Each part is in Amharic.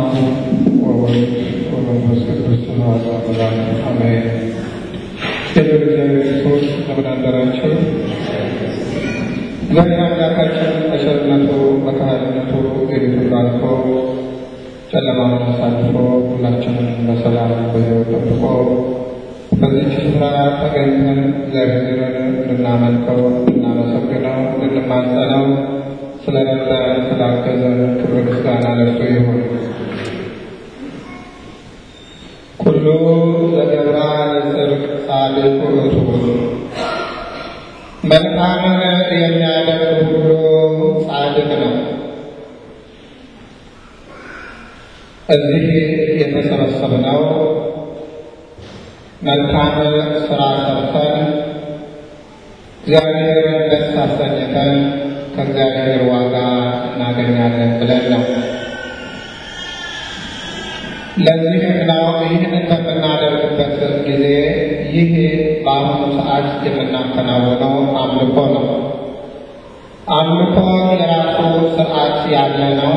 አብ ወወልድ ወመንፈስ ቅዱስ አሐዱ አምላክ አሜን። የደግ እግዚአብሔር ሰዎች እንደምን አደራችሁ? እግዚአብሔር አምላካችን በቸርነቱ በካህልነቱ ሌሊቱን አልፎ ጨለማውን አሳልፎ ሁላችንን በሰላም በሕይወት ጠብቆ በዚች ስፍራ ተገኝተን እግዚአብሔርን እንድናመልከው፣ እንድናመሰግነው፣ እንድንማጸነው ስለረዳን ስላገዘን ክብር ምስጋና ለእርሱ ይሁን። ኩሉ ዘገብራን ጽድቅ ጻድቁ ርሱ መልካምን የሚያደርግ ሁሉ ጻድቅ ነው። እዚህ የተሰበሰብነው መልካም ስራ ሰርተን እግዚአብሔርን ደስ አሰኝተን ከእግዚአብሔር ዋጋ እናገኛለን ብለን ነው። ለዚህም ነው ይህን በምናደርግበት ጊዜ ይህ በአሁኑ ሰዓት የምናከናውነው አምልኮ ነው። አምልኮ የራሱ ስርዓት ያለ ነው።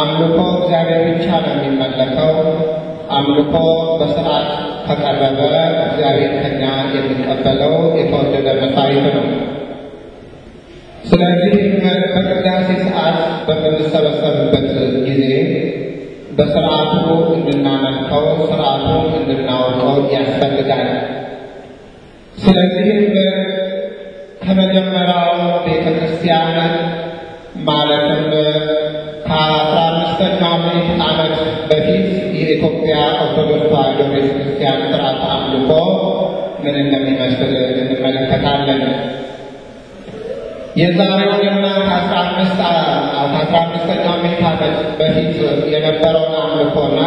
አምልኮ እግዚአብሔር ብቻ ነው የሚመለከው። አምልኮ በስርዓት ከቀረበ እግዚአብሔር ከኛ የሚቀበለው የተወደደ መስዋዕት ነው። ስለዚህ በቅዳሴ ሰዓት በምንሰበሰብበት ጊዜ በስርዓቱ እንድናመልከው ስርዓቱ እንድናወቀው ያስፈልጋል። ስለዚህም ከመጀመሪያው ቤተ ክርስቲያን ማለትም ከአስራ አምስተኛው ምዕት ዓመት በፊት የኢትዮጵያ ኦርቶዶክስ ተዋሕዶ ቤተ ክርስቲያን ስርዓት አምልኮ ምን እንደሚመስል እንመለከታለን። የዛሬውን እና ከአስራ አምስት ከአስራ አምስተኛው ምዕተ ዓመት በፊት የነበረውን አምልኮና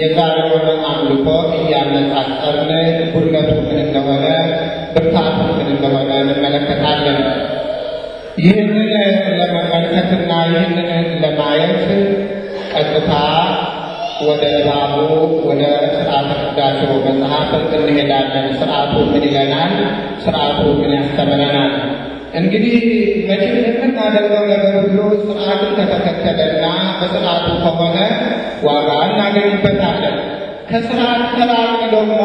የዛሬውን አምልኮ እያነጻጸርን ጉድለቱ ምን እንደሆነ ብርታቱ ምን እንደሆነ እንመለከታለን። ይህንን ለመመልከትና ይህንን ለማየት ቀጥታ ወደ ባቡ ወደ ስርዓተ ቅዳሴ መጽሐፍ እንሄዳለን። ስርዓቱ ምን ይለናል? ስርዓቱ ምን ያስተምረናል? እንግዲህ መቼም የምናደርገው ነገር ሁሉ ስርዓቱን ከተከተለና በስርዓቱ ከሆነ ዋጋ እናገኝበታለን። ከስርዓት ተላቅ ደግሞ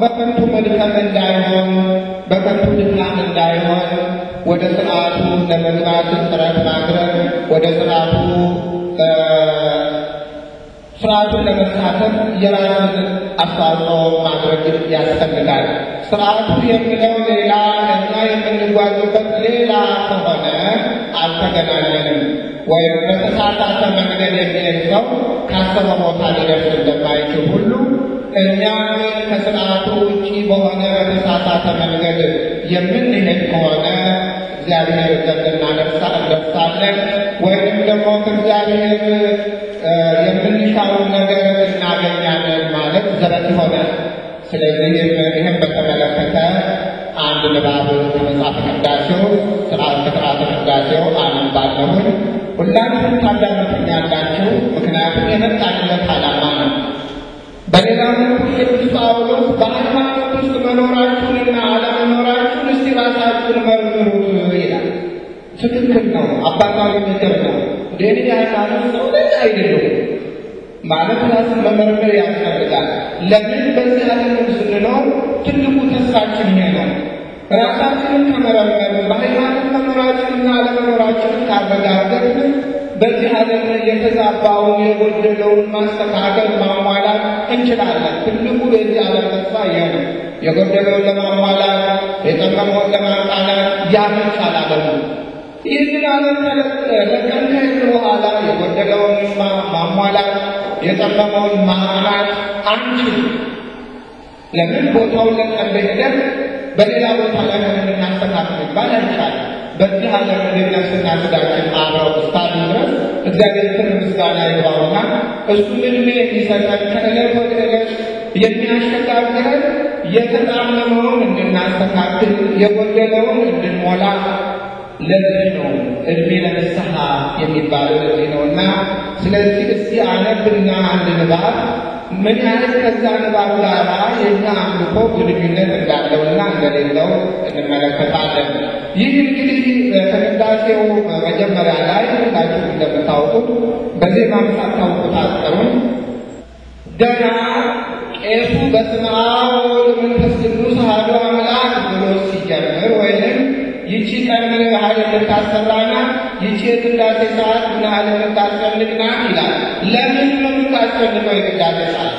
በከንቱ መድከም እንዳይሆን፣ በከንቱ ድካም እንዳይሆን ወደ ስርዓቱ ለመግባት ጥረት ማድረግ ወደ ስርዓቱ ስርዓቱን ለመሳተፍ የራስን አስተዋጽኦ ማድረግ ያስፈልጋል። ስርዓቱ የሚለው ሌላ እኛ የምንጓዙበት ሌላ ከሆነ አልተገናኘንም ወይም በተሳሳተ መንገድ የሚሄድ ሰው ካሰበ ቦታ ሊደርስ እንደማይችል ሁሉ እኛ ግን ከስርዓቱ ውጪ በሆነ በተሳሳተ መንገድ የምንሄድ ከሆነ እግዚአብሔር ዘንድ እናደርሳለን ወይም ደግሞ ከእግዚአብሔር የምንሻውን ነገር እናገኛለን ማለት ዘበት ይሆናል። ስለዚህ ይህም በተመለከተ አንድ ንባብ ከመጽሐፍ ቅዳሴው ስርዓት ከስርዓተ ቅዳሴው አነባለሁኝ። ሁላችሁም ታዳምጡኛላችሁ፣ ምክንያቱም የመጣንለት ዓላማ ነው። በሌላ መልኩ ቅዱስ ጳውሎስ በሃይማኖት ውስጥ መኖራችሁንና አለመኖራችሁን እስቲ ራሳችሁን መርምሩ ይላል። ትክክል ነው። አባታዊ ምክር ነው። ደህን ያሳምን ነው አይደለም ማለት ራስን መመርመር ያስፈልጋል። ለምን በዚህ ዓለም ስንኖር ትልቁ ተስፋችን ነው። ራሳችንን ከመረመር በሃይማኖት መኖራችንና አለመኖራችንን ካረጋገጥን በዚህ ዓለም የተዛባውን የጎደለውን ማስተካከል ማሟላት እንችላለን። ትልቁ የዚህ ዓለም ተስፋ ይህ ነው። የጎደለውን ለማሟላት የጠመመውን ለማቃናት ያመቻል ዓለሙ ይህንን ዓለም መከልከል በኋላ የጎደለውን ማሟላት የጠመመውን ማሟላት አንችል። ለምን ቦታውን ለቀን ሄደን በሌላ ቦታ ላይ የምናስተናግድ ይባል አይቻል። በዚህ ዓለም እንደሚያስተናግዳችን አብረው እስካሉ ድረስ እግዚአብሔር ክብር ምስጋና ይግባውና እሱ እድሜ የሚሰጠን ከዕለት ወደ ዕለት የሚያሸጋግረን የተጣመመውን እንድናስተካክል የጎደለውን እንድንሞላ ለዚህ ነው እድሜ ለንስሐ የሚባለው ለዚህ ነው እና ስለዚህ እስቲ አነብና አንድ ንባብ ምን ያህል ከዛ ንባብ ጋራ የኛ አምልኮ ግንኙነት እንዳለውና እንደሌለው እንመለከታለን። ይህ እንግዲህ በቅዳሴው መጀመሪያ ላይ ሁላችሁ እንደምታውቁት በዚህ ማምሳት ታውቁታጠሩን ገና ቄሱ በስመ አብ ወወልድ ወመንፈስ ቅዱስ አሐዱ አምላክ ብሎ ሲጀምር ወይንም ይቺ ቀን ምን ያህል የምታሰራና ይቺ የቅዳሴ ሰዓት ምን ያህል የምታስፈልግና ይላል። ለምን ነው የምታስፈልገው የቅዳሴ ሰዓት?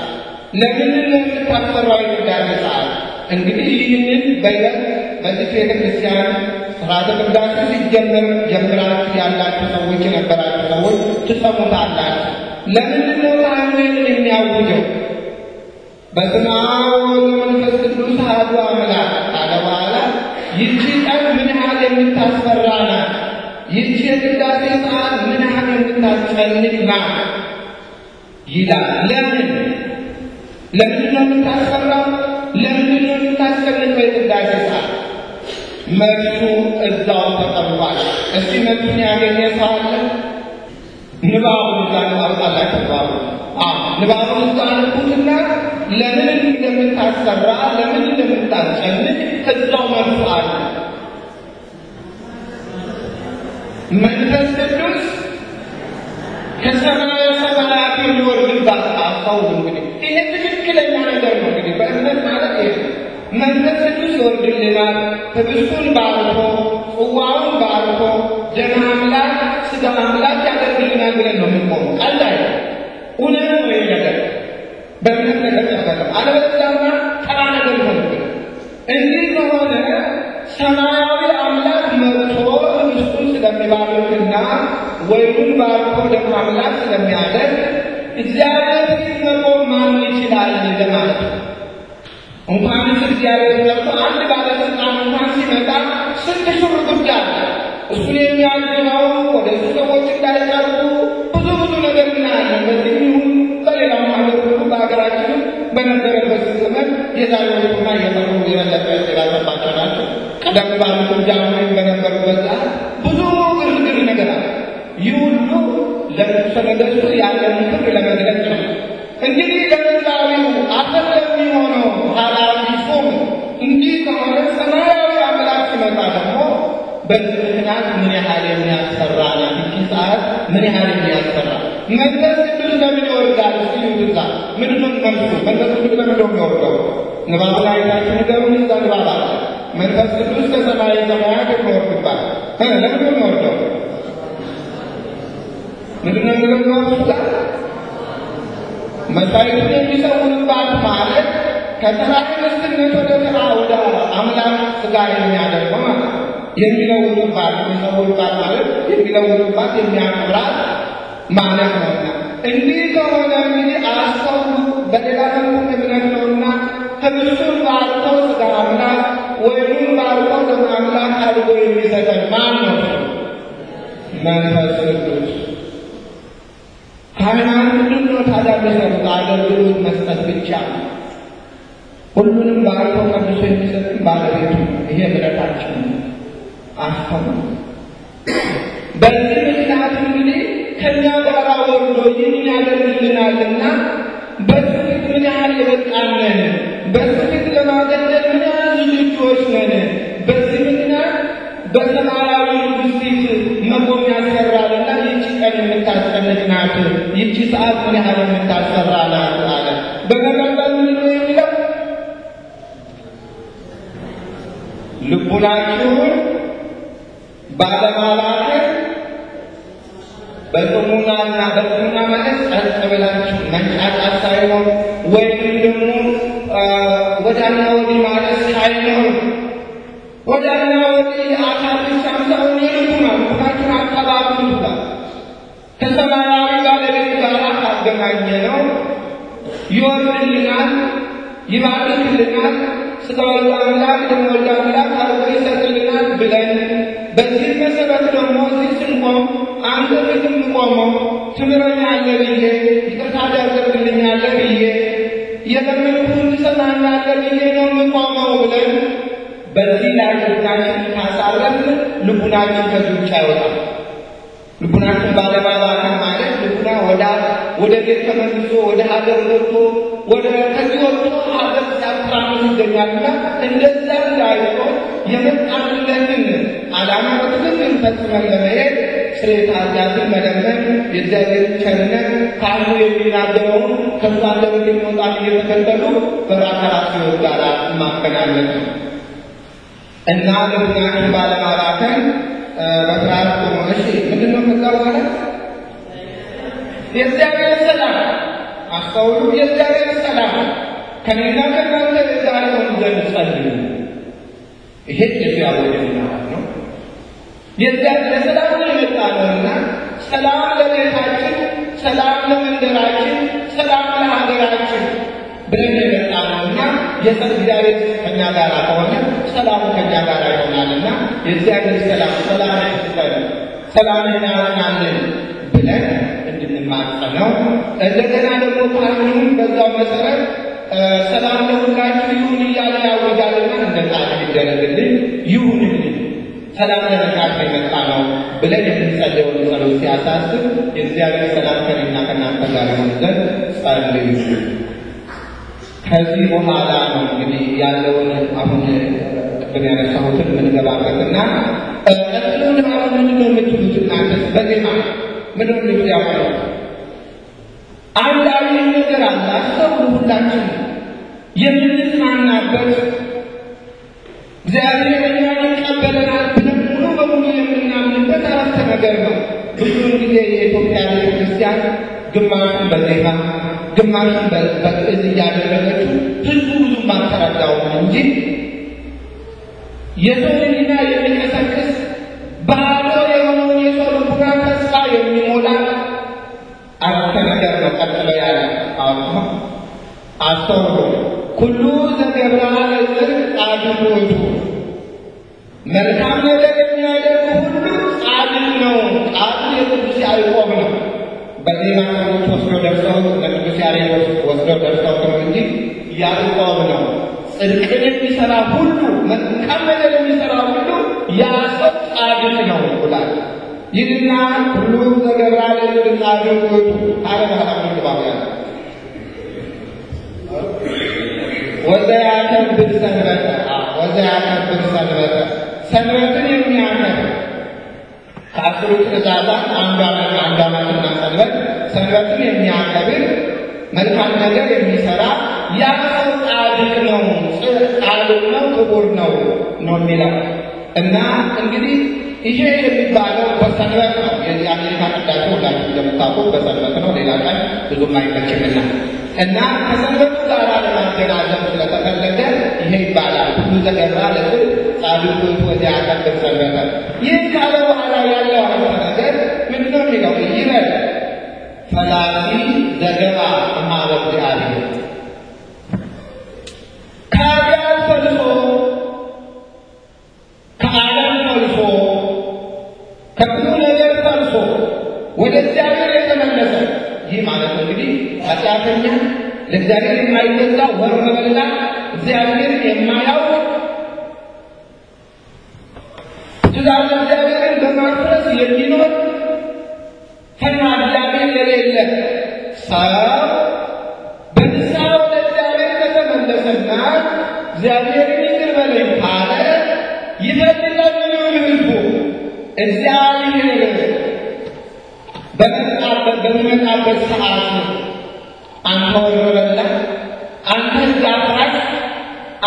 ለምን ነው የምታሰራው የቅዳሴ ሰዓት? እንግዲህ ይህንን በይበት በዚህ ቤተ ክርስቲያን ስርዓተ ቅዳሴ ሲጀመር ጀምራችሁ ያላችሁ ሰዎች የነበራችሁ ሰዎች ትሰሙታላችሁ። ለምን ነው ታምን የሚያውጀው? በስመ አብ ወመንፈስ ቅዱስ አሐዱ አምላክ ካለ በኋላ ይቺ ምን ያህል የምታስፈራ ናት! ይህች የቅዳሴ ሰዓት ምን ያህል የምታስጨንቅ ናት! ይላል። ለምን ለምንድን ነው የምታስፈራው? ለምንድን ነው የምታስጨንቀው? የቅዳሴ ሰዓት መልሱ እዛው ተቀምጧል። እስቲ መልሱን ያገኘ ሰው አለ? ንባቡን እዛ ንባብ ላይ ተባሉ ንባቡን እዛ አንቡትና ለምን እንደምታሰራ ለምን እንደምታስጨንቅ እዛው መልሱ አለ። መንፈስ ቅዱስ ከሰማያዊ ሰማያት የሚወርድባት አፋው እንግዲህ ይሄ ትክክለኛ ነገር ነው። እንግዲህ በእምነት ማለት ይሄ መንፈስ ቅዱስ ይወርድልናል። ህብስቱን ባርኮ ጽዋውን ባርኮ ደም አምላክ ስጋ አምላክ ያደርግልናል ብለን ነው የምንቆመው። ቀላል እውነት ነው ይሄ ነገር በእምነት ተቀበለው። አለበለዚያማ ተራ ነገር ሆነ። እንዲህ ከሆነ ሰማያዊ አምላክ መርቶ ስለሚባርክና ወይኑን ባርኮ ለማብላት ስለሚያደርግ እግዚአብሔር ፊት መቆም ማን ይችላል ለማለት ነው። እንኳንስ እግዚአብሔር ገብቶ አንድ ባለስልጣን እንኳን ሲመጣ ስንት ሹር ጉድ እሱን የሚያግባው ወደ እሱ ሰዎች እንዳይቀርቡ ብዙ ብዙ ነገር እናያለን። በዚህም ይሁን በሌላው ሀገር ሁሉ በሀገራችንም በነበረበት ዘመን የዛሬ የዛሬዎቹና የመሩ የበለጠ የጋዘባቸው ናቸው። ቀደም ባሉት ጃ በነበሩበት ያለን ክብር ለመግለጽ እንግዲህ ለምሳሌው አጠር የሚሆነው ኃላዊ ጾም እንዲህ ከሆነ ሰማያዊ አምላክ ሲመጣ ደግሞ በዚህ ምክንያት ምን ያህል የሚያሰራ ናት ይቺ ሰዓት፣ ምን ያህል የሚያሰራ መንፈስ ቅዱስ ለምን ይወርዳል ሲሉ ብዛ ምንድን መልሱ መንፈስ ቅዱስ ለምን ነው የሚወርደው? ንባብ ላይ ታችሁ ንገሩን። እዛ መንፈስ ቅዱስ ከሰማይ ሰማያት የሚወርድባት ለምን ነው የሚወርደው? ምንድነው የሚለው ስልጣን የሚሰውንባት ማለት ከፀሐይ ምስትነት ወደ ጥራ ወደ አምላክ ስጋ የሚያደርገው ማለት የሚለውጡባት የሚሰውንባት ማለት የሚለውጡባት የሚያከብራት ማለት ነውና እንዲህ ከሆነ እንግዲህ አስተውሉ። በሌላ መልኩ እምነት ነውና ህብሱን ባርቶ ስጋ አምላክ ወይኑን ባርቶ ደም አምላክ አድርጎ የሚሰጠን ማን ነው? መንፈስ ምንድን ነው ታዲያ በሰሩት አገልግሎት መስጠት ብቻ ሁሉንም ባርኮ ቀድሶ የሚሰጥም ባለቤቱ ይሄ ምሕረታችን አስተሙ በዚህ ምክንያት እንግዲህ ከእኛ ጋር ወርዶ ይህን ያደርግልናልና በስፍት ምን ያህል የበቃለን፣ በስፍት ለማገልገል ምን ያህል ዝግጁዎች ነን። በዚህ ምክንያት በሰማያዊ ንግሥት መቆም ምንድናት? ይቺ ሰዓት ምን ያህል የምታሰራ ናት አለ። በመቀጠል ምንድን ነው የሚለው ልቡናችሁን በጥሙናና በጥሙና ማለት ጸጥ ብላችሁ መንጫጫት ሳይሆን ወይም ደግሞ ወዳና ወዲህ ማለት ሳይሆን ወዳና ወዲህ አካል ብቻ ሳይሆን የልቡና ልቡናችሁን አቀባብሉ የተዘጋጀ ነው። ይወርድልናል፣ ይባርክልናል፣ ስለ ወልድ አምላክ ደሞ ወልድ አምላክ አርቆ ይሰጥልናል ብለን በዚህ መሰረት ደግሞ እዚህ ስንቆም አንተ ቤት የምቆመው ትምረኛለህ ብዬ ይቅርታ ታደርግልኛለህ ብዬ የለመንኩህን ትሰማኛለህ ብዬ ነው የምቆመው ብለን በዚህ ላይ ልቡናችን ካሳረፍ ልቡናችን ከዚህ ውጭ አይወጣም። ልቡናችን ባለማባከን ማለት ልቡና ወዳ ወደ ቤት ተመልሶ ወደ ሀገር ገብቶ ወደ ከዚህ ወጥቶ ሀገር ሲያጣምን ይገኛልና እንደዛ እንዳይሆን የመጣንለትን ዓላማ በትክክል ፈጽመን ለመሄድ ስሬ ታዛዝን መደመን የእግዚአብሔር ቸርነት ከአሁ የሚናገረውን ከዛ ለምን የሚወጣን እየተከተሉ በራሳቸው ጋር ማከናነት ነው እና ለብናን ባለማራከን በስርዓት ቆመ። እሺ ምንድነው ከዛ በኋላ የእግዚአብሔር ሰላም አስተውሉ፣ የእግዚአብሔር ሰላም ከኔና ከእናንተ ነፃ ይሆን ዘንድ ጸልዩ። ይሄ የእግዚአብሔር ምናት ነው። የእግዚአብሔር ሰላም ነው የመጣ ነውና ሰላም ለቤታችን፣ ሰላም ለመንደራችን፣ ሰላም ለሀገራችን ብለን የመጣ ነውና የእግዚአብሔር ከኛ ጋር ከሆነ ሰላሙ ከኛ ጋር ይሆናልና የእግዚአብሔር ሰላም ሰላም ሰላም ናናለን ብለን ነው። እንደገና ደግሞ ቃሉንም በዛው መሰረት ሰላም ለሁላችሁ ይሁን እያለ ያወጃልና እንደ ቃል ይደረግልን ይሁንልን ሰላም ለመካከል የመጣ ነው ብለን የምንጸልየውን ጸሎት ሲያሳስብ የእግዚአብሔር ሰላም ከኔና ከእናንተ ጋር ይሆን ዘንድ ጸልዩ። ከዚህ በኋላ ነው እንግዲህ ያለውን አሁን ቅድም ያነሳሁትን የምንገባበትና ቀጥሎ ደግሞ ምንድነው የምትሉት እናንተስ በዜማ ምድር ልብ ያውቃል። አንዳዊ ነገር አላት ሰው ሁላችን የምንጽናናበት እግዚአብሔር እኛን ይቀበለናል ብለን ሙሉ በሙሉ የምናምንበት አራት ነገር ነው። ብዙውን ጊዜ የኢትዮጵያ ቤተ ክርስቲያን ግማሹን በዜማ ግማሹን በግዕዝ እያደረገችው ህዝቡ ብዙም አልተረዳውም እንጂ የሰውንና የሚቀሰቅስ ባህል መቀጠያ አሁን አስተውሉ ኩሉ ዘገብራ ለጽድቅ ጻድቁ መልካም ነገር የሚያደርግ ሁሉ ጻድቅ ነው። ጻድቅ የቅዱስ ያዕቆብ ነው። በዜማ ሰዎች ወስደው ደርሰው ለቅዱስ ያሬድ ወስደው ደርሰው ነው እንጂ ያዕቆብ ነው። ጽድቅን የሚሰራ ሁሉ መልካም ነገር የሚሰራ ሁሉ ያ ሰው ጻድቅ ነው ብሏል። ይድና ሁሉ ዘገብራል ድና አድርጉት አለ መጽሐፍ ቅዱስ ያለ ወዘያከብር ሰንበተ ወዘያከብር ሰንበተ ሰንበትን የሚያከብር ከአስሩ ትእዛዛት አንዷ አንዷ ናትና ሰንበት ሰንበትን የሚያከብር መልካም ነገር የሚሰራ ያ ጻድቅ ነው ጻድቅ ነው ክቡር ነው ነው የሚለው እና እንግዲህ ይሄ የሚባለው በሰንበት ነው። የዚህ አሜሪካ ቅዳሴ ሁላችሁ እንደምታውቁት በሰንበት ነው። ሌላ ቀን ብዙም አይመችምና እና ከሰንበቱ ጋር ለማገናዘብ ስለተፈለገ ይሄ ይባላል። ብዙ ዘገባ ለብል ጻድቁ ወዲ ቀብር ሰንበተ። ይህ ካለ በኋላ ያለው አረፍተ ነገር ምንድነው የሚለው? ይበል ፈላሲ ዘገባ እማበ እግዚአብሔር ከኃጢአት ፈልሶ የማይጠይቅ ለእግዚአብሔር የማይገዛ ወር በላ እግዚአብሔር የማያውቅ ትእዛዝ እግዚአብሔርን በማፍረስ የሚኖር ፈና እግዚአብሔር የሌለ ሰው በንሳ ወደ እግዚአብሔር ከተመለሰና እግዚአብሔርን ይቅር በለኝ ካለ ይፈልጋል የሚሆን ህዝቡ እግዚአብሔር በመጣበት በሚመጣበት ሰዓት ነው።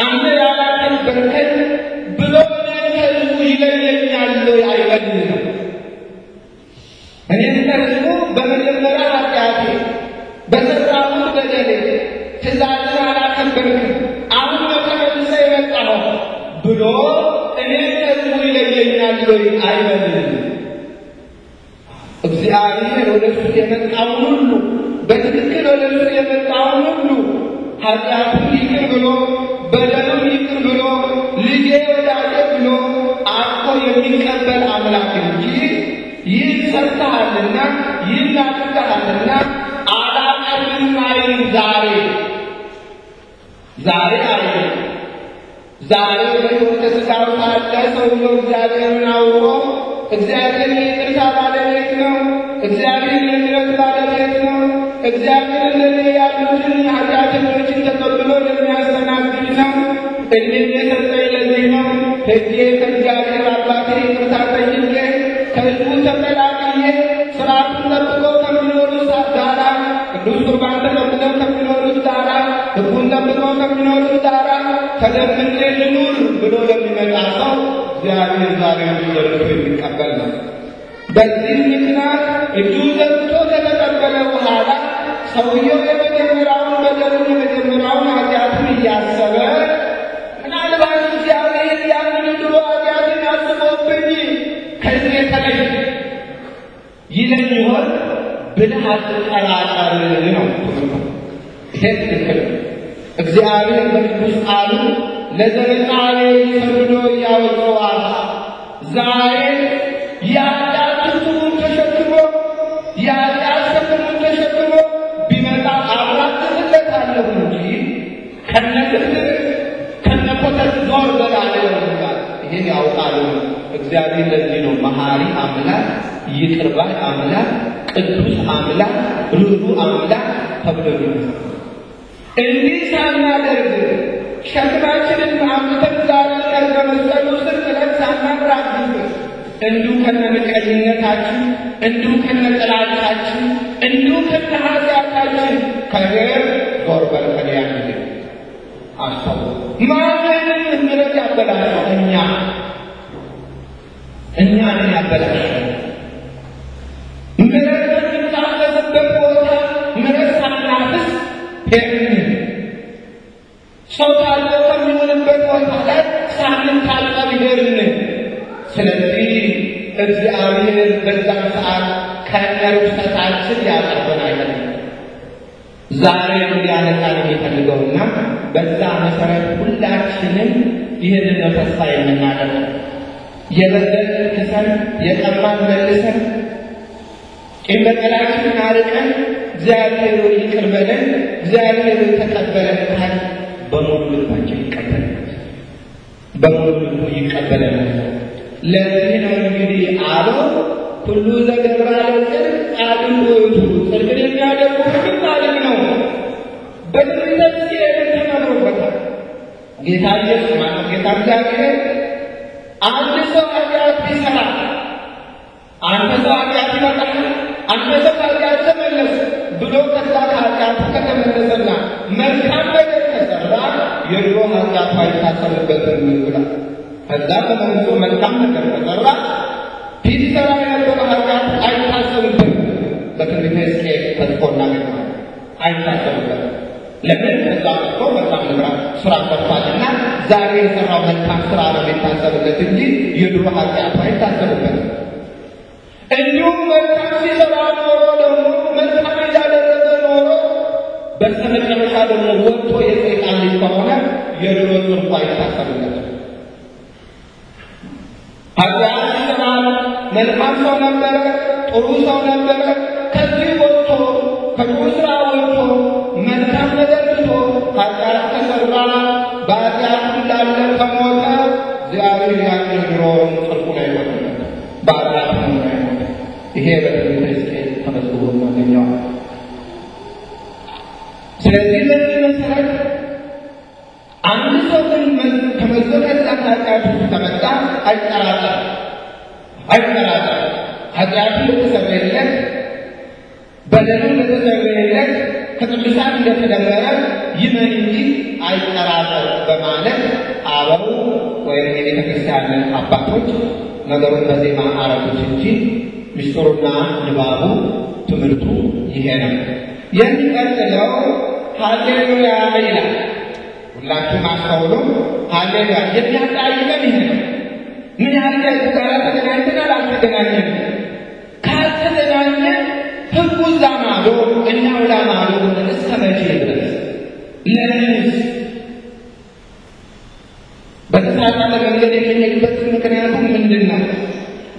አንተ ያላትን በረከት ብሎ ህዝቡ ይለየኛል አይለንም። እኔም ከህዝቡ በመጀመሪያ ኃጢአቴ በሰራሁት በደሌ ትእዛዝን አላከበርኩም፣ አሁን በተመልሰ የመጣሁ ብሎ እኔም ከህዝቡ ይለየኛል አይለንም። እግዚአብሔር ወደ የመጣውን ሁሉ በትክክል ወደ እርሱ የመጣውን ሁሉ ኃጢአቱን ይቅር ብሎ በደሉን ይቅር ብሎ ልጄ ወዳጄ ብሎ አጥቶ የሚቀበል አምላክ እንጂ ይህን ሰርተሃልና ይህን አድርገሃልና አላቀልም ዛሬ ዛሬ አይልም። ዛሬ በሕይወተ ሥጋ ሳለ ሰው ነው እግዚአብሔርን አውቆ እግዚአብሔር የይቅርታ ባለቤት ነው። እግዚአብሔር የምሕረት ባለቤት ነው። እግዚአብሔር ለኔ ያሉትን ነውና እኔም የሰጠኝ ሕጌ ከእግዚአብሔር አባቴ ይቅርታ ጠይቄ ከሕዝቡ ተቀላቅዬ ሥርዓቱን ጠብቀው ከሚኖሩት ዳራ ቅዱስ ቁርባን ተቀብለው ከሚኖሩት ዳራ ሕጉን ጠብቀው ከሚኖሩት ዳራ ተለምኜ ልኑር ብሎ ለሚመጣ ሰው እግዚአብሔር ዛሬ ዘርቶ የሚቀበል ነው። በዚህ ምክንያት እጁ ዘርግቶ ከተቀበለ በኋላ ሰውየው ብልሃት ጠራጣሪ ነው። ይሄን ትክክል እግዚአብሔር በቅዱስ ቃሉ ለዘለቃቤ ፈርዶ ያወጣዋል። ዛሬ የኃጢአት ትርጉሙን ተሸክሞ የኃጢአት ሸክሙን ተሸክሞ ቢመጣ አብራትለታለሁ እንጂ ከነክትል ከነኮተት ዞር በላለ ይህን ያውቃሉ። እግዚአብሔር ለዚህ ነው መሐሪ አምላክ ይቅርባይ አምላክ ቅዱስ አምላክ ሉሉ አምላክ ተብሎ ይነሳል። እንዲህ ሳናደርግ ሸክማችንን በአምተን ዛሬ ቀን በመስቀሉ ስር ጥለት ሳናራግፍ እንዱ ከነምቀኝነታችን እንዱ ከነጠላታችን እንዱ ከነሀዚያታችን ከእግር ዞር በልከን ያንን አስተው ማንንም ምሕረት ያበላሸው እኛ እኛንን ያበላሸው ደምን ሰው ታልቆ የሚሆንበት ቦታ ሳምንት ታልቆ ቢደርን። ስለዚህ እግዚአብሔር በዛ ሰዓት ከነ ርኩሰታችን ያቀርበናል። ዛሬ እንዲያነቃን የሚፈልገውና በዛ መሰረት ሁላችንም ይህንን ነው ተስፋ የምናደርገው። የበደል ክሰን የቀማን መልሰን ቂም በቀላችንን አርቀን እግዚአብሔር ሆይ ይቅር በለን፣ እግዚአብሔር ሆይ ተቀበለን ካል በሙሉ ልባችን ይቀበለናል፣ በሙሉ ልቡ ይቀበለናል። ለዚህ ነው እንግዲህ አብ ሁሉ ዘገብረ ለጽድቅ አድን ወይቱ የሚያደርጉ ሁሉም ነው። በድነት ሲሄድን ተመሮበታል። ጌታ ኢየሱስ ማለት ጌታ እግዚአብሔር አንድ ሰው ኃጢአት ቢሰራ አንድ ሰው ኃጢአት ይመጣል፣ አንድ ሰው ኃጢአት ተመለሰ ብሎ ከዛ ከኃጢአቱ ከተመለሰና መልካም ነገር ከሰራ የድሮ ኃጢአቱ አይታሰብበትም ይላል። ከዛ ተመልሶ መልካም ነገር ከሰራ ፊት ሰራ ኃጢአት አይታሰብበትም። በትንቢተ ሕዝቅኤል ተጽፎ እናገኘዋለን። አይታሰብበትም። ለምን ከዛ ጽፎ መልካም ነገር ስራ ሰርቷልና ዛሬ የሰራው መልካም ስራ ነው የሚታሰብለት እንጂ የድሮ ኃጢአቱ አይታሰብበትም። እንዲሁም መልካም ሲሰራ ኖሮ dia dulu terpulai tahta dengan itu. Hati-hati dengan, nelpansau nampak, urusau nampak, ከደመረ ይመን እንጂ አይጠራጠር በማለት አበው ወይም የቤተ ክርስቲያን አባቶች ነገሩን በዜማ አረጉት እንጂ ምስጢሩና ንባቡ ትምህርቱ ይሄ ነው። የሚቀጥለው ሀሌሉያ ይላል። ሁላችሁም አስተውሉ። ሀሌሉያ የሚያጠያይቀን ይሄ ነው። ምን ያለ ከህዝቡ ጋር ተገናኝተናል? አልተገናኘን? ካልተገናኘን ህጉ እዛ ማዶ እኛ ወዳ እስከ መቼ ድረስ መንገድ የምንሄድበት ምክንያቱ ምንድን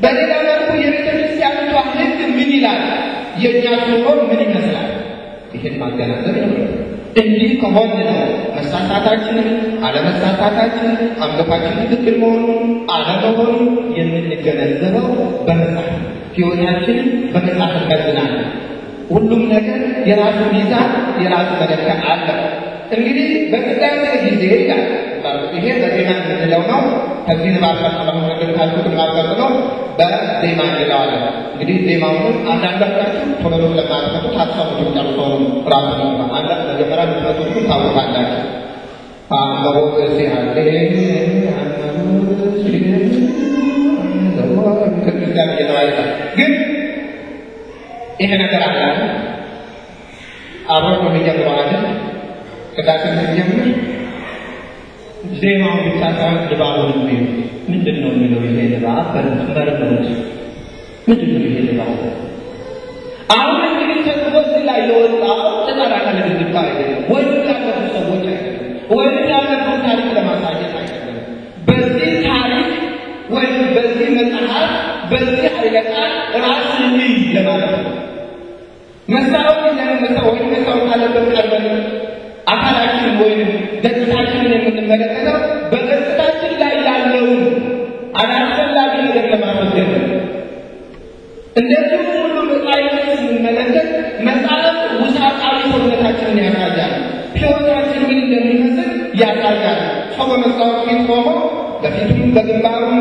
በሌላ መልኩ የቤተ ክርስቲያኒቷ ምን ይላል? የእኛ ኑሮ ምን ይመስላል? ይህን ማገናዘብ እንዲህ ከሆነ ነው መሳሳታችንን፣ አለመሳሳታችንን፣ አምልኳችንን ትክክል መሆኑ አለመሆኑ የምንገነዘበው በመጽሐፍ ሕይወታችንን በመጽሐፍ መዝናለን። ሁሉም ነገር የራሱ ሚዛን የራሱ መለኪያ አለ። እንግዲህ በቅዳሴ ጊዜ ይሄ በዜማ የምንለው ነው። ከዚህ ንባፈጠበሁ ነገርታችሁ ንባፈጥ ነው በዜማ እንለዋለን። እንግዲህ ዜማውን አንዳንዳችሁ ቶሎ ለማጥመጡ ታሰቡትም ጨርሶ ራሱ አለ መጀመሪያ ምትመቶቹ ታውቃላችሁ አመቦብ ሲአለ ግን ይሄ ነገር አለ አብሮ በሚጀምረው አይደል ቅዳሴን ስንጀምር ዜማውን ብቻ ሳይሆን ድባቡን ነው። ምንድን ነው የሚለው ይሄ ድባብ መረመሩት። ምንድን ነው ይሄ ድባብ? አሁን እንግዲህ ተቅበዝ ላይ የወጣው ተጣራካ ንግግር አይደለም፣ ወይም ያለፉ ሰዎች አይደለም፣ ወይም ያለፉ ታሪክ ለማሳየት በዚህ ታሪክ ወይም በዚህ መጽሐፍ በዚህ አይለቃል ራስን ለማለት ነው ነፃውን የሚያነሳ ወይም ካለበት ወይም ገጽታችንን የምንመለከተው በገጽታችን ላይ ያለውን አላስፈላጊ ነገር ለማስወገድ ነው። ሁሉ ስንመለከት መጽሐፍ ውስጣዊ ሰውነታችንን ያሳያል። ሕይወታችን እንደሚመስል ያሳያል። ሰው በመስታወት ፊት ቆሞ በፊቱም፣ በግንባሩም፣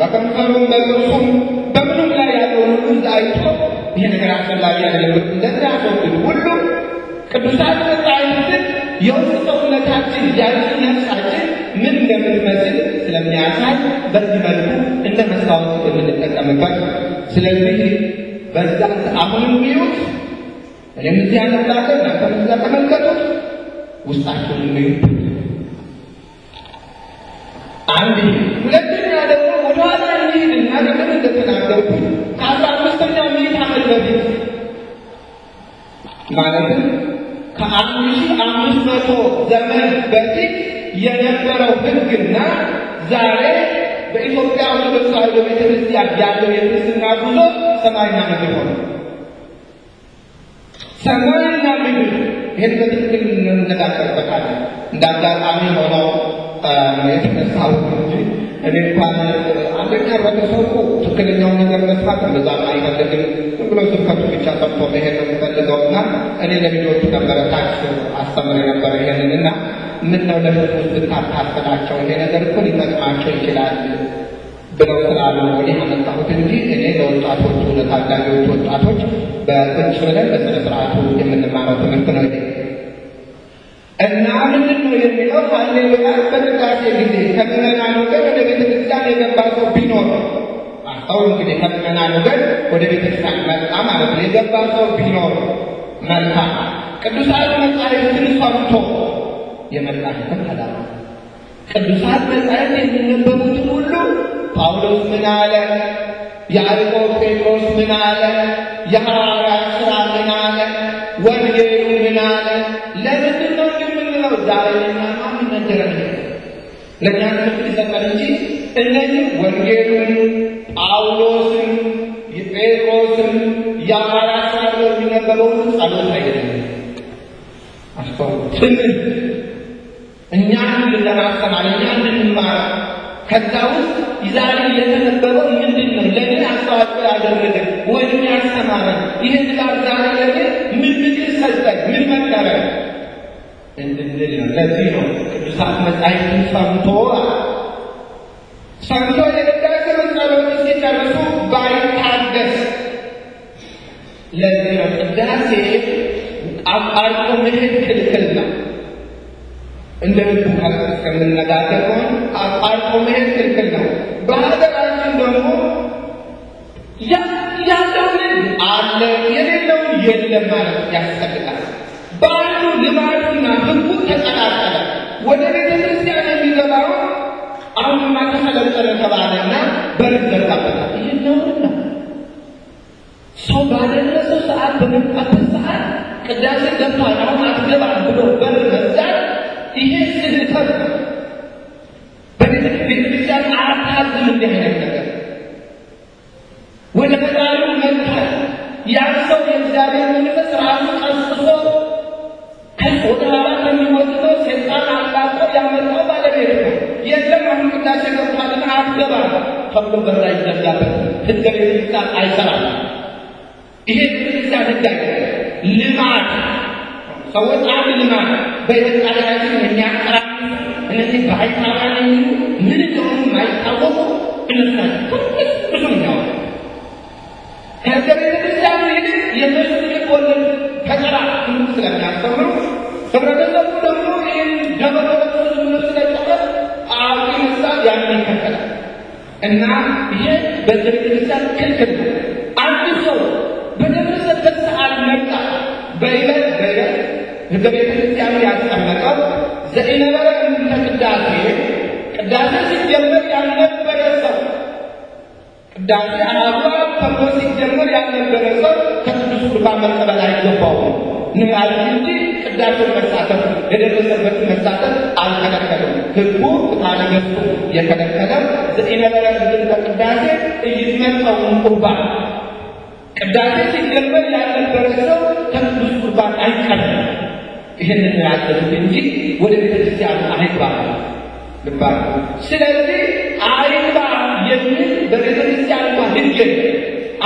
በከንፈሩም፣ በጥርሱም አስፈላጊ ነገሮች እንደሚያስወግድ ሁሉ ቅዱሳት መጻሕፍትን የውስጥ ሰውነታችን ያሉት ነፍሳችን ምን እንደምትመስል ስለሚያሳይ በዚህ መልኩ እንደ መስታወት የምንጠቀምበት ስለዚህ በዛ አሁንም ቢዩት እኔም እዚህ ያነላለ እናንተም እዛ ተመልከቱት፣ ውስጣችሁን ሚዩት አንድ ማለትም ከአንድ ሺ አምስት መቶ ዘመን በፊት የነበረው ሕግና ዛሬ በኢትዮጵያ ኦርቶዶክስ ተዋሕዶ ቤተ ክርስቲያን ያለው የክርስትና ጉዞ ሰማይና ምድር ሆነ። ሰማይና ምድር ይህን በትክክል እንነጋገርበታለን። እንደ አጋጣሚ ሆነው የተነሳው እንጂ እኔ እንኳን አንደኛ በተሰው ትክክለኛውን ነገር መስፋት እንደዛ አይፈልግም። ዝም ብሎ ስብከቱ ብቻ ሰምቶ መሄድ ነው የሚፈልገው እና እኔ ለልጆቹ ነበረ ታች አስተምር የነበረ ይሄንን እና ምን ነው ለህዝቡ ብታካፍላቸው ይሄ ነገር እኮ ሊጠቅማቸው ይችላል ብለው ስላሉ ወዲህ አመጣሁት እንጂ እኔ ለወጣቶቹ ለታዳጊዎች ወጣቶች በቁጭ ብለን በስነ ስርዓቱ የምንማረው ትምህርት ነው። የሚለው ሃሌሉያ በቅዳሴ ጊዜ ከምዕመናኑ ጋር ወደ ቤተክርስቲያን የገባ ሰው ቢኖር ሰው እንግዲህ ከምዕመናኑ ጋር ወደ ቤተክርስቲያን መጣ ማለት ነው። የገባ ሰው ቢኖር መልካም ቅዱሳት መጻሕፍትን ሰምቶ የመጣ ተከተላ ቅዱሳት መጻሕፍት የሚነበቡትን ሁሉ ጳውሎስ ምን አለ? የአርቆ ጴጥሮስ ምን አለ? የሐዋርያት ሥራ ምን አለ? ዛሬ ለእኛ ማን ይነገረን? ለእኛ ትምህርት ይሰጠን እንጂ እነዚህ ወንጌሉን ጳውሎስን፣ ጴጥሮስን የሐዋርያት ሥራ የሚነበበውን ጸሎት አይደለም። አስተውሉ። ትምህርት እኛ ልናስተማር እኛ እንድንማር ከዛ ውስጥ ዛሬ የተነበበው ምንድን ነው? ለምን አስተዋጽኦ ያደረገን? ወይም ያስተማረን? ይህን ዛሬ ለምን ምን ምክር ሰጠን? ምን መከረን? እንድንል ነው። ለዚህ ነው ቅዱሳት መጻሕፍትን ሰምቶ ሰምቶ ለቅዳሴ መጸሎት ሲጨርሱ ባይታገስ። ለዚህ ነው ቅዳሴ አቋርጦ መሄድ ክልክል ነው። እንደ ልብ ከምንነጋገር ሆን አቋርጦ መሄድ ክልክል ነው። በሀገራችን ደግሞ ያለውን አለ የሌለውን የለም ማለት ያሰ ተቀላቀለ። ወደ ቤተ ክርስቲያን የሚገባው አሁንማ ተፈለጠለ ተባለና በርግር ቀበላል። ይህ ነውና ሰው ባደረሰው ሰዓት በመጣበት ሰዓት ቅዳሴ ገብቷል አሁን አትገባም ብሎ በር መዛል ይሄ ስህተት ነው። በቤተክርስቲያን አራት ሀብት እንዲህ አይነት ነገር ወደ ፈጣሪ አያውቅምና በኤርትራ የሚያቀራ እነዚህ በሃይማኖት የሚሉ ምን እንደሆኑ የማይታወቁ እነሱ ናቸው። ብዙ የሚያወሩ ከዚ ቤተክርስቲያን ሄድ የነሱ የቆልን ተቀራ ትምህርት ስለሚያስተምሩ ህብረተሰቡ ደግሞ ይህን ደበሎ ትምህርት አዋቂ ሀሳብ ያንን ይከተላል እና ይሄ በቤተክርስቲያን ክልክል አንድ ሰው በደብረ ሰተት ሰዓት መጣ በይለት በይለት ህገ ቤተ ክርስቲያኑ ያስቀመጠው ዘኢነበረ እንተ ቅዳሴ ቅዳሴ ሲጀመር ያልነበረ ሰው ቅዳሴ አናቷ ተብሎ ሲጀመር ያልነበረ ሰው ከቅዱስ ቁርባን መቀበል አይገባውም። ንባል እንጂ ቅዳሴውን መሳተፍ የደረሰበትን መሳተፍ አልከለከለም። ህጉ ታነገሱ የከለከለ ዘኢነበረ እንተ ቅዳሴ እይትመጣው ቁርባን ቅዳሴ ሲጀመር ያልነበረ ሰው ከቅዱስ ቁርባን አይቀርም። ይህንን ያሰቡት እንጂ ወደ ቤተክርስቲያኑ አይግባ ልባ። ስለዚህ አይግባ የሚል በቤተክርስቲያን እንኳ ህግ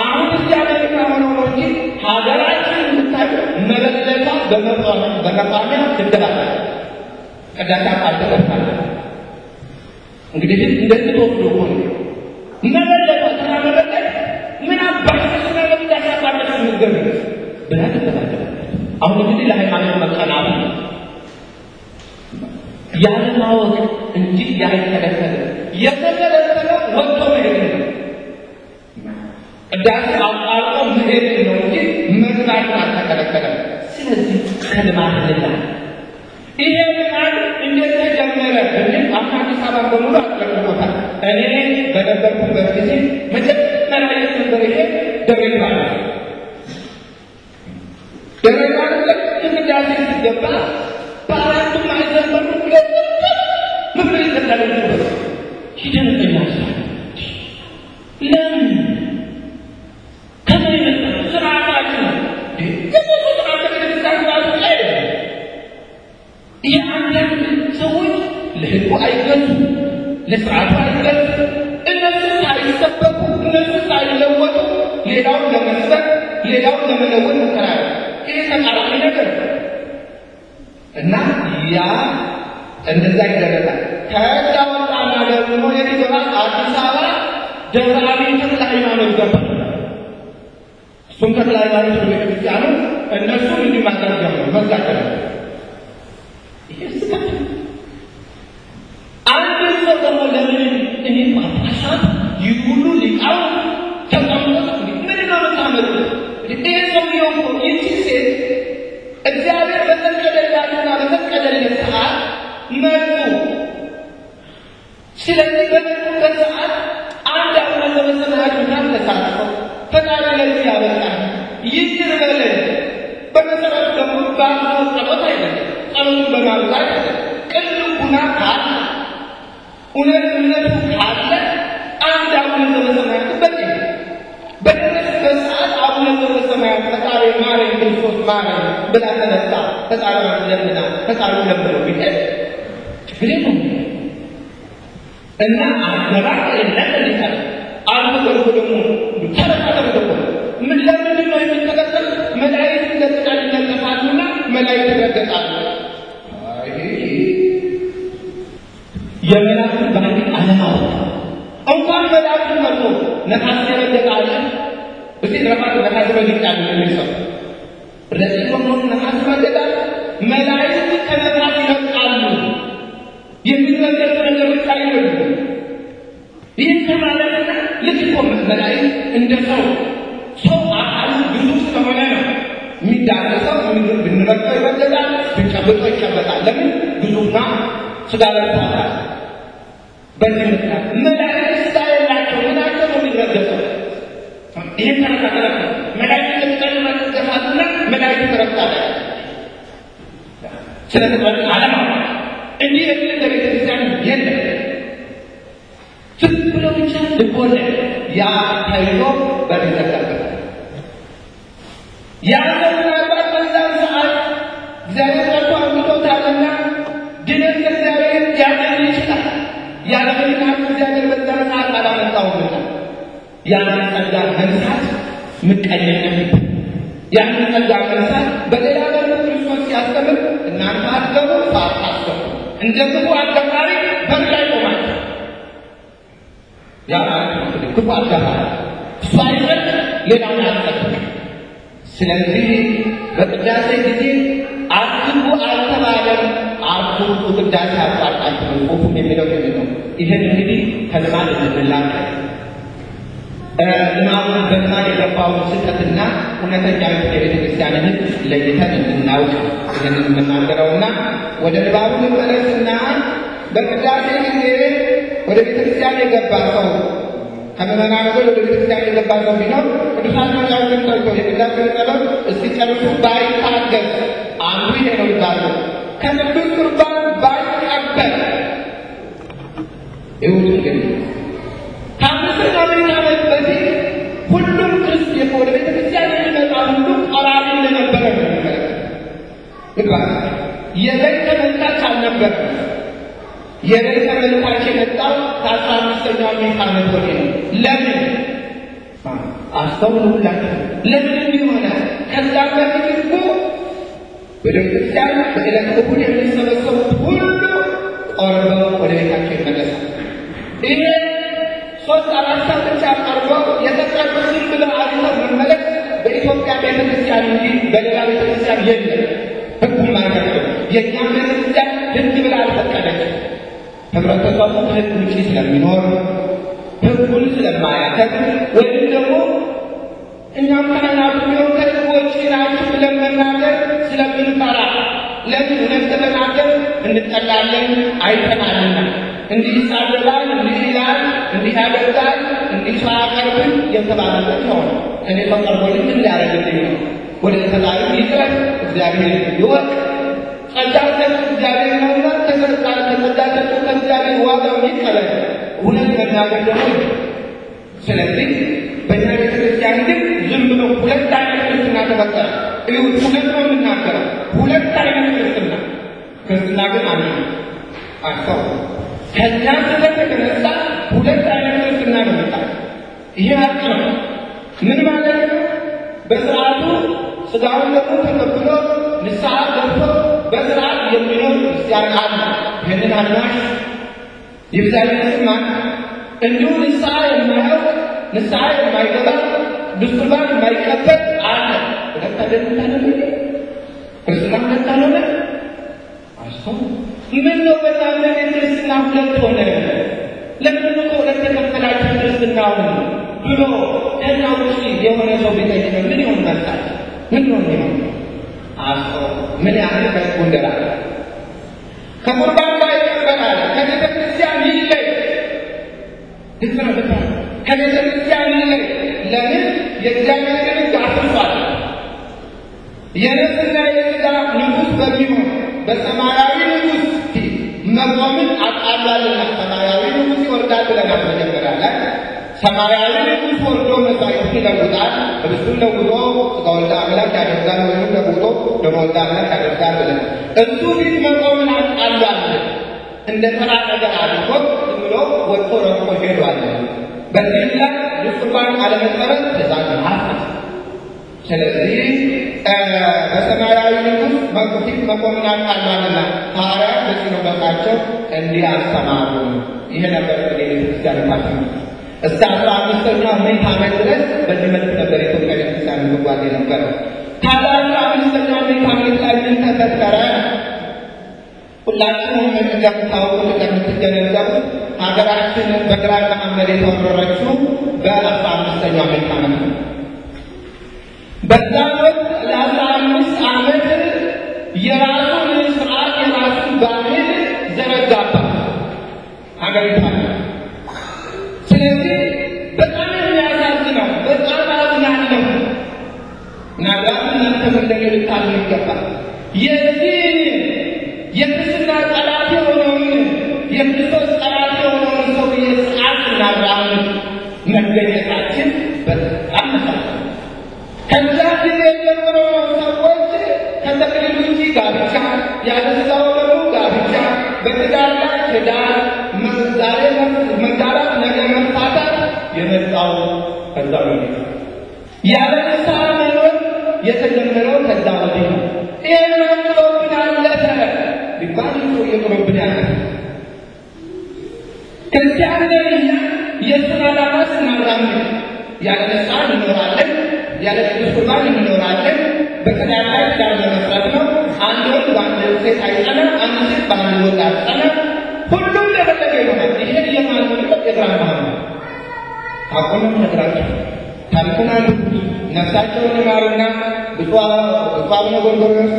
አሁን እዚያ አሜሪካ ሆኖ እንጂ ሀገራችን የምታዩ መበለታ በመቋሚያ ትደላለ ቅዳሴ አቃደረታለ እንግዲህ እንደዚህ ተወስዶ ሆነ መበለታ ስናመለከት ምን አባት ስናመለከት ያሳባለት ምገብ ብላ ትበላለች። አሁን እንግዲህ ለሃይማኖት ያለማወቅ እንጂ ያልተለሰለ የተሰለሰለ ወጥቶ መሄድ ነው። ቅዳሴ አቋርጦ መሄድ ነው እንጂ መግባት አልተከለከለም። ስለዚህ ከልማድ ልማድ ይሄ ልማድ እንደተጀመረ ብንል አሁን አዲስ አበባ በሙሉ አጥለቅልቆታል። እኔ በነበርኩበት ጊዜ ሌላውን ለመለወጥ ሙከራ ይህ ተቃራኒ ነገር እና ያ እንደዛ ይደረጋል። ከዛ ወጣና ደግሞ የሊገባ አዲስ አበባ ደብረ አብይ ተክለ ሃይማኖት ገባ። እሱም ተክለ ሃይማኖት ቤተክርስቲያኑ እነሱም እንዲህ ማድረግ ጀመሩ የሚለውን በማምጣት ቅን ልቡና ካለ እውነትነቱ ካለ አንድ አቡነ ዘበሰማያት በቂ በደረስ በሰዓት አቡነ ዘበሰማያት ፈጣሪ ማረኝ ክርስቶስ ማረኝ ብላ ተነሳ። ፈጣሪ ለምና ፈጣሪ ለምነው ቢሄድ ችግር የለም እና አገባቅ የለም ይቻል አንዱ ደግሞ ደግሞ ተረታተረ ምን ለምንድን ነው የሚተቀጠል መላእክት ለጥቃት ይነጠፋሉና መላእክት ይረገጣሉ ለታሰበለት አላህ በዚህ ረፋት በታሰበለት ቃል መልሰው ስለዚህ መሆኑ ለታሰበለት መላእክት ከመቃብር ይወጣሉ። የሚመለሱ ነገሮች አይደሉም። ይህ ከማለትና ልክ እኮ መላእክት እንደ ሰው ሰው አካሉ ብዙ ስለሆነ ነው የሚዳረሰው። ብንረግጠው ይበለጣል፣ ብንጨብጠው ይጨበጣል። ለምን ብዙና ስጋለታ በዚህ ምክንያት ይህን ተመካከለ መላእክት ተጠቅመው ተፋቱና መላእክት ተረፍታለ ስለተባለ ዓለም እንዲህ የለ ለቤተክርስቲያን የለ ትዝ ብሎ ብቻ ልቦለ ያ ተይዞ በር ይዘጋበታል ያንን ጸጋ መንሳት ምቀኝነት፣ ያንን ጸጋ መንሳት በሌላ መልኩ ክርስቶስ ሲያስተምር እናንተ አትገቡ ሳታስገቡ እንደ ክፉ አደፋሪ በምን ላይ ቆማል? ያ ክፉ አደፋሪ እሱ አይዘቅ ሌላውን አያስጠብቅ። ስለዚህ በቅዳሴ ጊዜ አትጉ አልተባለም። አትጉ ቅዳሴ አቋርጣችሁ ቁም የሚለው ነው። ይህን እንግዲህ ከልማድ እንላለን ልማዱን በልማድ የገባውን ስህተትና እውነተኛ የቤተ ክርስቲያንን ሕግ ለይተን እንድናውቅ ይህንን የምናገረውና ወደ ንባቡ ልመለስና በቅዳሴ ጊዜ ወደ ቤተክርስቲያን የገባ ሰው ከመመናን ወደ ቤተክርስቲያን የገባ ሰው ቢኖር ቅዱሳት መጻሕፍትን ጠርቶ የቅዳሴ ጸሎት እስኪጨርሱ ባይታገዝ አንዱ ይሄ ነው ይባሉ ከቅዱስ ቁርባን ባይቀበል ይሁን እንግዲህ የደቀ ተመልካች የመጣው ከአስራ አምስተኛ ሜት ነበር ወዲህ ነው። ለምን አስተውሉላችሁ። ለምን እንዲሆነ ከዛ በፊት እኮ ቤተክርስቲያን በዕለት እሑድ የሚሰበሰቡት ሁሉ ቆርበው ወደ ቤታቸው ይመለሳል። ይሄ ሶስት አራት ሰው ብቻ ቀርበው የተቀረጡ ዝም ብለው አግኝተው መመለስ በኢትዮጵያ ቤተክርስቲያን እንጂ በሌላ ቤተክርስቲያን የለም። ህጉም አይፈቅድም። የእኛ ህብረተሰቡ ከህግ ውጪ ስለሚኖር ህጉን ስለማያከብር ወይም ደግሞ እኛም ካህናቱ ቢሆን ከህግ ናችሁ ብለን ስለምንፈራ ለምን እውነት ተናገር እንጠላለን፣ አይጠናልና እንዲህ ይሳደባል፣ እንዲህ ይላል፣ እንዲህ ያደርጋል፣ እንዲህ ሰው አያቀርብም የተባለበት ይሆነ እኔ ተቀርቦልኝ እንዳያደርግልኝ ነው። ወደ ተዛሪ ይቅረት እግዚአብሔር ይወቅ ጸጋ እግዚአብሔር ቀን ዋጋው ይቀበል፣ እውነት መናገር ደግሞ ስለዚህ በእኛ ቤተክርስቲያን ግን ዝም ብሎ ሁለት አይነት ክርስትና ተፈጠረ። እዩት፣ ሁለት ነው የምናገረው፣ ሁለት አይነት ክርስትና። ክርስትና ግን አንድ ነው። አሰው ከዛ የተነሳ ሁለት አይነት ክርስትና ነው መጣ። ይሄ ሀቅ ነው። ምን ማለት ነው? በስርዓቱ ስጋውን ደግሞ ተቀብሎ ንስሐ ገብቶ በስርዓት የሚኖር ክርስቲያን አለ። ይህንን አድማሽ የእግዚአብሔር ማን እንዲሁ ንስሐ የማያውቅ ንስሐ የማይገባ ብሱማን የማይቀበል አለ። ሁለታደንታለመ ክርስትና ሁለታለመ አስቶ ምን ነው በዛለ ክርስትና ሁለት ሆነ ለምን ሁለት ተከፈላችሁ ክርስትናውን ብሎ እና ውጭ የሆነ ሰው ቤተኛ ምን ይሆን መጣል ምን ይሆን ይሆን አስቶ ምን ያህል በጎንደር አለ ከቁርባን ይጠበቃል። ከቤተ ክርስቲያን ይለይ፣ ድፍረታ ከቤተ ክርስቲያን ይለይ። ለምን? የእግዚአብሔር ሕግ አፍርሷል። የነፍስና የሥጋ ንጉሥ በሚሆን በሰማያዊ ንጉሥ ፊት መቆምን አጣላልና ሰማያዊ ንጉሥ ይወርዳል ብለናል። መጀመሪያ ሰማያዊ ንጉሥ ወርዶ መሥዋዕቱን ይለውጣል፣ ርስቱን ለውጦ ሥጋ አምላክ ያደርጋል፣ ወይም ለውጦ ደመ አምላክ ያደርጋል ብለናል። እሱ ፊት መቆምን አጣላል። እንደ ጥላ ነገር አድርጎት ብሎ ወጥቶ ረቆ ሄዷል። በዚህም ላይ ቁርባን አለመቀበል ትእዛዝ ሐሰት። ስለዚህ በሰማያዊ ንጉሥ በፊት መቆምና አቃላልና ሐዋርያት በዚህ ነበርታቸው እንዲህ አስተማሩ። ይሄ ነበር ቤተክርስቲያን ፓርቲ እስከ አስራ አምስተኛው ምዕት ዓመት ድረስ በዚህ መልክ ነበር የኢትዮጵያ ቤተክርስቲያን ምጓዝ የነበረው። ከአስራ አስራ አምስተኛው ምዕት ዓመት ላይ ምን ተፈጠረ? ሁላችሁም እንደምታውቁ እንደምትገነዘቡ ሀገራችን በግራና አመድ የተወረረችው በአስራ አምስተኛው ዓመት ዓመት ነው። በዛም ወቅት ለአስራ አምስት ዓመት የራሱን ስርዓት የራሱን ባህል ዘረጋባት ሀገሪቷ። ስለዚህ በጣም የሚያሳዝነው በጣም አዝናለሁ። ምናልባት እናንተም እንደገ ይገባል የዚህ የክርስቶስ ጠላት የሆነውን ሰው የሰዓት እናራምን መገኘታችን በጣም መሳለ ከዛችን የጀምረው ሰዎች ከጠቅሊል ውጪ ጋብቻ፣ ያለ ጋብቻ፣ በትዳር ላይ ትዳር፣ ዛሬ መጋባት ነገ መፋታት የመጣው ከዛ ወዲህ ያለ ንስሐ መኖር የተጀመረው ከዛ ወዲህ ነው። ይህን ማን አለፈ ቢባል ሰው የጥሎብን ያለፈ ክርስቲያንነት የእሱን ዓላማ ስናራምድ ያለ ነጻ እንኖራለን፣ ያለ ቅዱስ ቁርባን እንኖራለን። በቀዳዳ ዳር በመስራት ነው። አንድ ወንድ በአንድ ሴት አይጸና፣ አንድ ሴት በአንድ ወንድ አትጸና። ሁሉም ለፈለገ ይሆናል። ይህን የማንሆንበት የብርሃን ባህል ነው። አቁንም ነግራቸው ታሪኩን ነፍሳቸውን ይማሩና ብፁዕ አቡነ ጎርጎርዮስ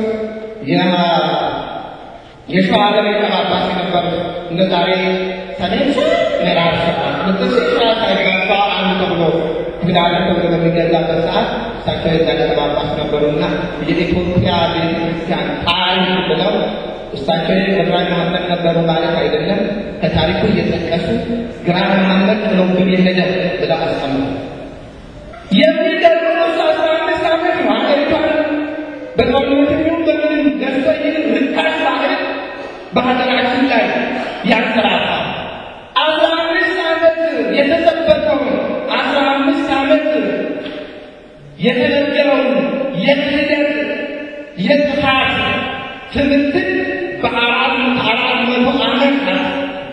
የሸዋ ሀገረ ሊቀ ጳጳስ እንደ ዛሬ ከሌት ምዕራፍ ሰባት ንቅስት አይገባ አንዱ ተብሎ ትዳር ተብሎ በሚገዛበት ሰዓት እሳቸው የዛን ጳጳስ ነበሩና የኢትዮጵያ ቤተክርስቲያን ታሪክ ብለው እሳቸው ገብራን መሐመድ ነበሩ ማለት አይደለም። ከታሪኩ እየጠቀሱ ግራን መሐመድ ብለው ግን የሄደ ብለው አስቀምጡ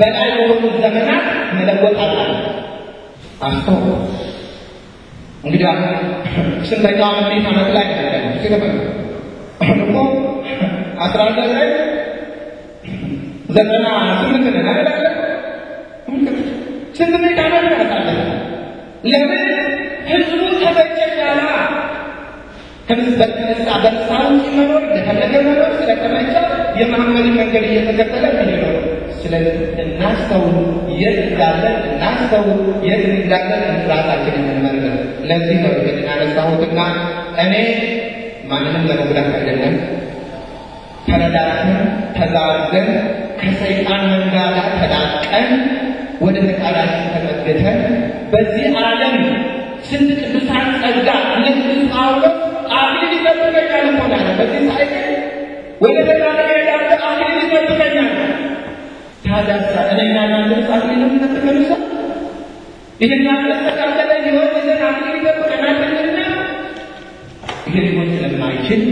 በላይ በሆኑት ዘመናት መለወጥ አለ። አስተውሉ እንግዲህ አሁን ስንተኛው አመት አመት ላይ ያለ ሲገባ አሁን አስራ ሁለት ላይ ዘጠና ስምንት ነን አይደል? ስንት ምንጭ አመት ያሳለፍ ለምን ህዝቡ ተበጨጫላ ከዚህ በተነሳ በንሳ መኖር እንደፈለገ መኖር ስለተመቻ የመሐመድን መንገድ እየተከተለ ችለን እናስተውል፣ የት እንዳለን እናስተውል፣ የት እንዳለን ራሳችንን እንመርምር። ለዚህ ነው ይህንን አነሳሁትና እኔ ማንንም ለመጉዳት አይደለም ተረዳትን ተዛዘን ከሰይጣን መንጋጋ ተላቀን ወደ ፈቃዳች ተመገተን በዚህ ዓለም ስንት ቅዱሳን ጸጋ ለቅዱስ አክሊል ይጠብቀኛል እኮ ነው። በዚህ ሳይቀር ወደ ፈቃድ ያለ አክሊል ይጠብቀኛል ሀዳሳ እኔና እናንተ ጻፍ የለም ይሄን ያስተካከለ ይሆን ይዘን አቅል ይጠብቀናል እና ይሄ ሊሆን ስለማይችል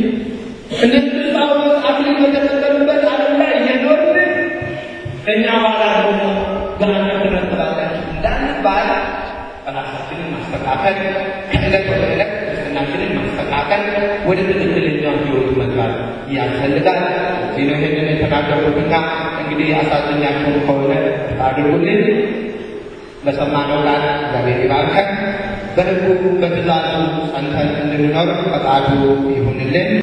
እነዚህ ጳውሎስ አክሊል በተሰቀሉበት ዓለም ላይ እየኖርን እኛ ባላ ሆነ ገሃነም ድረስ ተባላችሁ እንዳንባል ራሳችንን ማስተካከል ከዕለት ወደ ቀን ወደ ትክክለኛው ህይወት መግባት ያስፈልጋል። እዚህ ነው ይህንን የተናገርኩትና እንግዲህ አሳዝኛችሁም ከሆነ አድርጉልን። በሰማነው ቃል እግዚአብሔር ይባርከን። በህጉ በትእዛዙ ጸንተን እንድንኖር ፈቃዱ ይሁንልን።